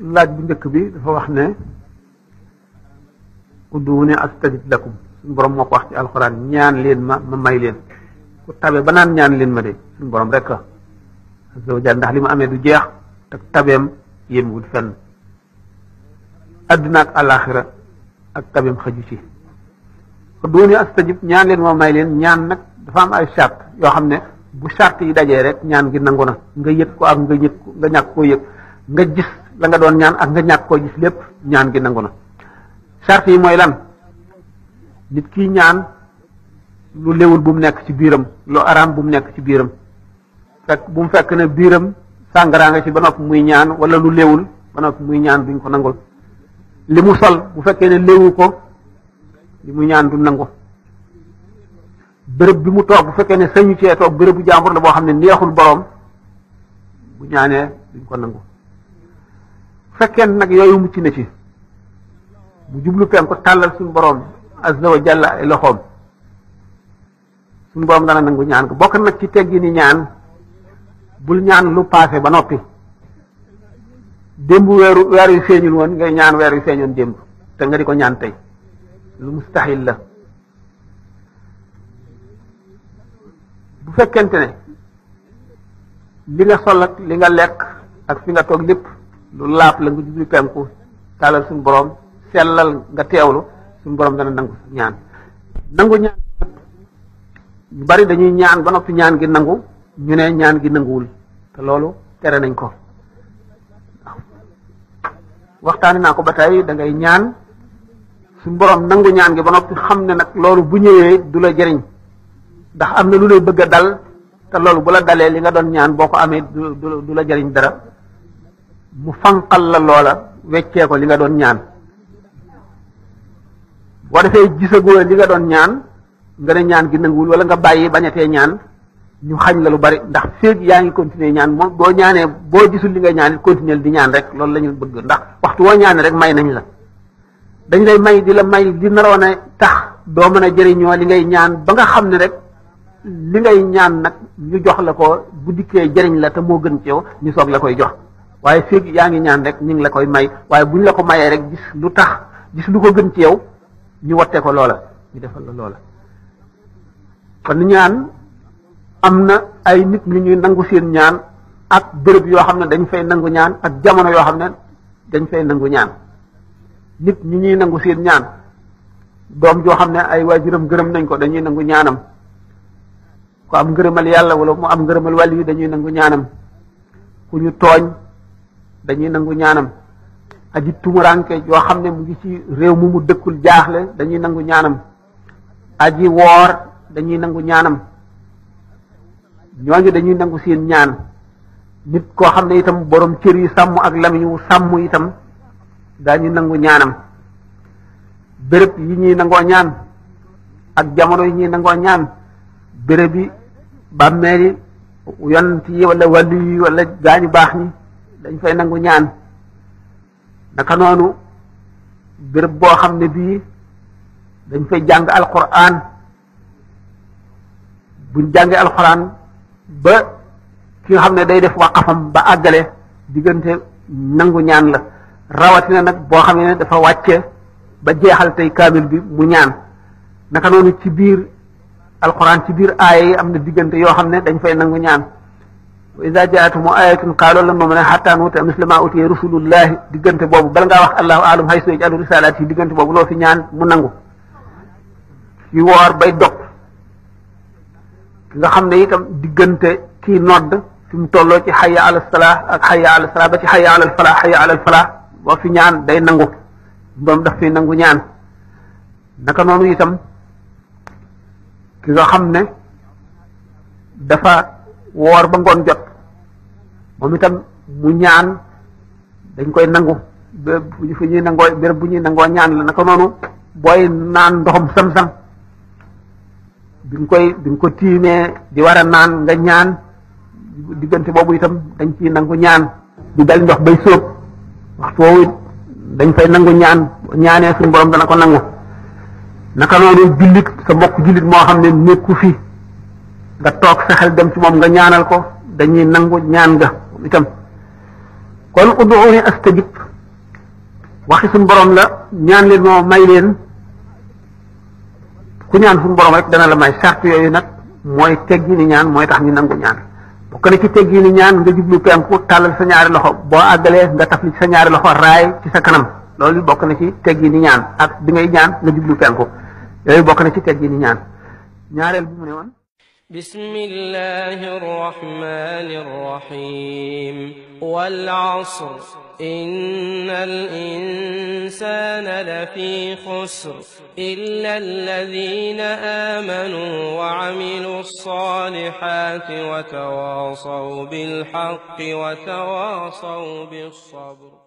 laaj bu njëkk bi dafa wax ne udduuni astajib lakum sun borom moo ko wax ci alquran ñaan leen ma ma may leen ku tabe ba naan ñaan leen ma de sun borom rek azza wa ndax li mu amee du jeex te tabeem yéemwul fenn àdduna ak alaxira ak tabeem xaju ci udduuni astajib ñaan leen ma may leen ñaan nag dafa am ay charte yoo xam ne bu charte yi dajee rek ñaan gi nangu na nga yëg ko ak nga yëg ko nga ñàkk koo yëg nga gis la nga doon ñaan ak nga ñàkk koo gis lépp ñaan gi nangu na charte yi mooy lan nit kii ñaan lu lewul bu mu nekk ci biiram lu araam bu mu nekk ci biiram fekk bu mu fekk ne biiram sàngaraa nga ci ba noppi muy ñaan wala lu lewul ba noppi muy ñaan duñ ko nangul li mu sol bu fekkee ne lewu ko li mu ñaan du nangu bërëb bi mu toog bu fekkee ne sañu cee toog bërëbu jàmbur la boo xam ne neexul borom bu ñaanee duñ ko nangu fekkee nag yooyu mucc na ci mu jublu penku tàllal suñu boroom azza wa ay loxoom suñu boroom dana nangu ñaan bokk nag ci teggi ni ñaan bul ñaan lu paase ba noppi démb weeru weer yu feeñul woon ngay ñaan weer yu feeñoon démb te nga di ko ñaan tey lu mustahil la bu fekkent ne li nga sol ak li nga lekk ak fi nga toog lépp lu laab la nga jublu penku talal sun borom selal nga tewlu sun borom dana nangu ñaan nangu ñaan bari dañuy ñaan ba nopi ñaan gi nangu ñu ne ñaan gi nanguul te lolu tere nañ ko waxtani nako batay da ngay ñaan sun borom nangu ñaan gi ba nopi xamne nak lolu bu ñewé du la ndax am na lu lay bëgg dal te lolu bu la dalé li nga doon ñaan boko amé du dara mu fankal la loola weccee ko li nga doon ñaan boo defee gisagoo li nga doon ñaan nga ne ñaan gi nangul wala nga bàyyi bañatee ñaan ñu xañ la lu bari ndax feeg yaa ngi continuer ñaan moom boo ñaanee boo gisul li nga ñaan continuer di ñaan rek loolu lañu bëgg ndax waxtu woo ñaan rek may nañ la dañ lay may di la may di naroon a tax doo mën a jëriñoo li ngay ñaan ba nga xam ne rek li ngay ñaan nag ñu jox la ko bu dikkee jëriñ la te moo gën ci yow ñu soog la koy jox waaye feeg yaa ngi ñaan rek ñu ngi la koy may waaye bu ñu la ko mayee rek gis lu tax gis lu ko gën ci yow ñu watte ko loola ñu defal la loola kon ñaan am na ay nit ñi ñuy nangu seen ñaan ak bërëb yoo xam ne dañ fay nangu ñaan ak jamono yoo xam ne dañ fay nangu ñaan nit ñi ñuy nangu seen ñaan doom joo xam ne ay waajuram gërëm nañ ko dañuy nangu ñaanam ku am ngërëmal yàlla wala mu am ngërëmal wàll yi dañuy nangu ñaanam ku ñu tooñ dañuy nangu ñaanam aji tumuraanke yoo xam ne mu ngi ci réew mu mu dëkkul jaaxle dañuy nangu ñaanam aji woor dañuy nangu ñaanam ñooñu dañuy nangu seen ñaan nit koo xam ne itam borom cër yi sàmm ak lamiñ wu sàmm itam dañuy nangu ñaanam bërëb yi ñuy nangoo ñaan ak jamono yi ñuy nangoo ñaan béréb yi bàmmeel yi yonent yi wala wàllu yi wala gaañu baax ñi dañ fay nangu ñaan naka noonu béréb boo xam ne bii dañ fay jàng alquran buñ jàngee alquran ba ki xam ne day def waqafam ba àggale diggante nangu ñaan la rawati na nag boo xam ne dafa wàcce ba jeexal tey kaamil bi mu ñaan naka noonu ci biir alquran ci biir aaya yi am na diggante yoo xam ne dañ fay nangu ñaan wa ida jaatum ayatun qaalu lan nu'mina hatta nuuta misla ma utiya rusulullahi diggante boobu bala ngaa wax allahu alam haysu yaj'alu risalaati yi diggante boobu loo fi ñaan mu nangu ci woor bay dog nga xam ne itam diggante ki nodd fi mu tolloo ci hayya ala salaa ak hayya ala salaa ba ci hayya ala falaa hayya fi ñaan day nangu boom daf fi nangu ñaan naka noonu itam ki nga xam ne dafa woor ba ngoon jot moom itam mu ñaan dañ koy nangu béréb bu ñuy nangoo béréb bu ñuy nangoo ñaan la naka noonu booy naan ndoxum sam-sam bi nga koy bi nga ko tiimee di war a naan nga ñaan diggante boobu itam dañ ciy nangu ñaan di ndox bay sóob waxtu woowu ñaan ñaanee suñu borom dana ko nangu naka noonu jullit sa mbokk jullit moo xam ne nekku fi nga toog saxal dem ci moom nga ñaanal ko dañuy nangu ñaan nga itam kon uduuni astajib waxi sun borom la ñaan leen moo may leen ku ñaan sun borom rek dana la may sart yooyu nag mooy teggi ni ñaan mooy tax ñu nangu ñaan ko ne ci teggi ni ñaan nga jublu penku tàllal sa ñaari loxo boo àggalee nga li sa ñaari loxo raay ci sa kanam loolu bokk na ci teggi ni ñaan ak bi ngay ñaan nga jublu penku yooyu bokk na ci teggi ni ñaan ñaareel bu mu ne woon بسم الله الرحمن الرحيم والعصر إن الإنسان لفي خسر إلا الذين آمنوا وعملوا الصالحات وتواصوا بالحق وتواصوا بالصبر